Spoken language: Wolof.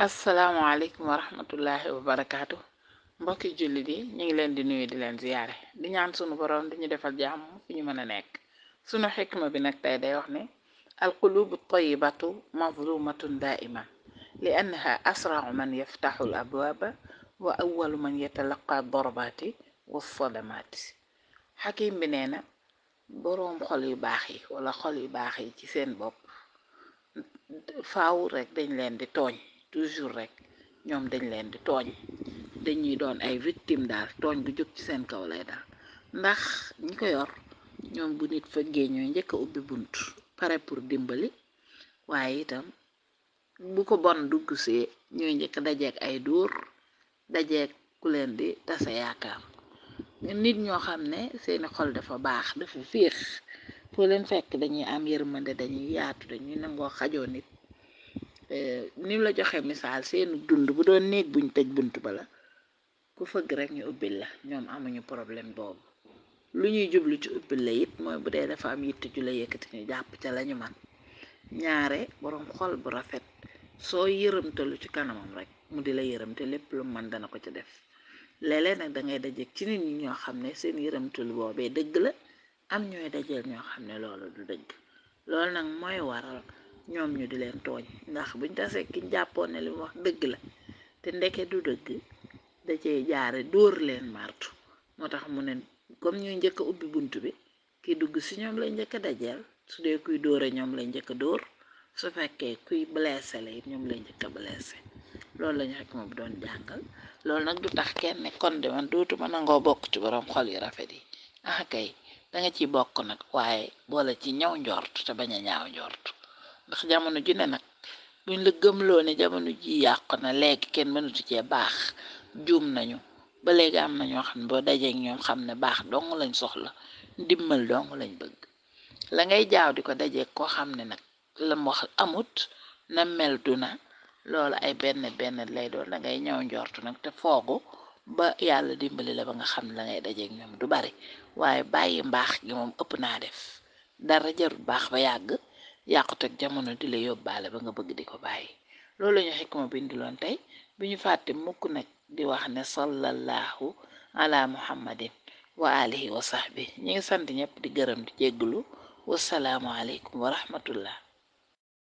asalaamualeykum wa rahmatullahi wa barakaatu mbokki jullit yi ñu ngi leen di nuyu di leen ziyaare di ñaan sunu borom di ñu defal jàmm fi ñu mën a nekk sunu xikma bi nag tey day wax ne alqulubu tayibatu mazlumatun daiman li annaha asrau man yaftaxu l abwaaba wa awalu man yatalaqa dorbaati wa sodamaati xakim bi nee na boroom xol yu baax yi wala xol yu baax yi ci seen bopp faaw rek dañ leen di tooñ toujours rek ñoom dañ leen di tooñ dañuy doon ay victime daal tooñ gu jóg ci seen kaw lay daal ndax ñi ko yor ñoom bu nit fëggee ñooy njëkk ubbi bunt pare pour dimbali waaye itam bu ko bon dugg si ñooy njëkk dajeek ay dóor dajeek ku leen di tasa yaakaar nit ñoo xam ne seeni xol dafa baax dafa féex foo leen fekk dañuy am yërmande dañuy yaatu dañuy nangoo xajoo nit Eh, ni la joxe misaal seenu dund bu doon néeg buñ tëj bunt ba la ku fëgg rek ñu ubbil la ñoom amuñu problème boobu lu ñuy jublu ci ubbil la it mooy bu dee dafa am yitt ju la yëkkati ñu jàpp ca lañu man ñaare boroom xol bu rafet soo yërëmtalu ci kanamam rek mu di la yërëmte lépp lu man dana ko ci def léeg nag dangay dajeek ci nit ñi ñoo xam ne seen yërëmtalu boobee dëgg la am ñooy dajeel ñoo xam ne loolu du dëgg loolu nag mooy waral ñoom ñu di leen tooñ ndax buñ tasee kiñ jàppoon ne li wax dëgg la te ndeke du dëgg da cee jaare dóor leen martu moo tax mu ne comme ñu njëkk a ubbi bunt bi kii dugg si ñoom lay njëkk a dajeel su dee kuy dóore ñoom lay njëkk dóor su fekkee kuy blessé la it ñoom lay njëkk a blessé loolu lañu xekk moom doon jàngal loolu nag du tax kenn kon de man dootuma nangoo bokk ci borom xol yu rafet yi ah danga ci bokk nag waaye boole ci ñaw njort te bañ a ñaaw njort ndax jamono ji ne nag buñ la loo ne jamono ji yàqu na léegi kenn mënatu cee baax juum nañu ba léegi am na ñoo xam ne boo dajeek ak ñoom xam ne baax dong lañ soxla ndimmal dong lañ bëgg la ngay jaaw di ko dajee koo xam ne nag la amut na na loolu ay benn benn lay da ngay ñëw njortu nag te foogu ba yàlla dimbali la ba nga xam ne la ngay dajee ñoom du bari waaye bàyyi mbaax gi moom ëpp naa def dara jarul baax ba yàgg yàqut ak jamono di la yóbbaale ba nga bëgg di ko bàyyi loolu la ñu xikma loon tey bi ñu fàtte mukk nag di wax ne sallallahu ala muhammadin wa alihi wa sahbi ñi ngi sant ñëpp di gërëm di wa jégglu wasalaamualeykum wa rahmatullah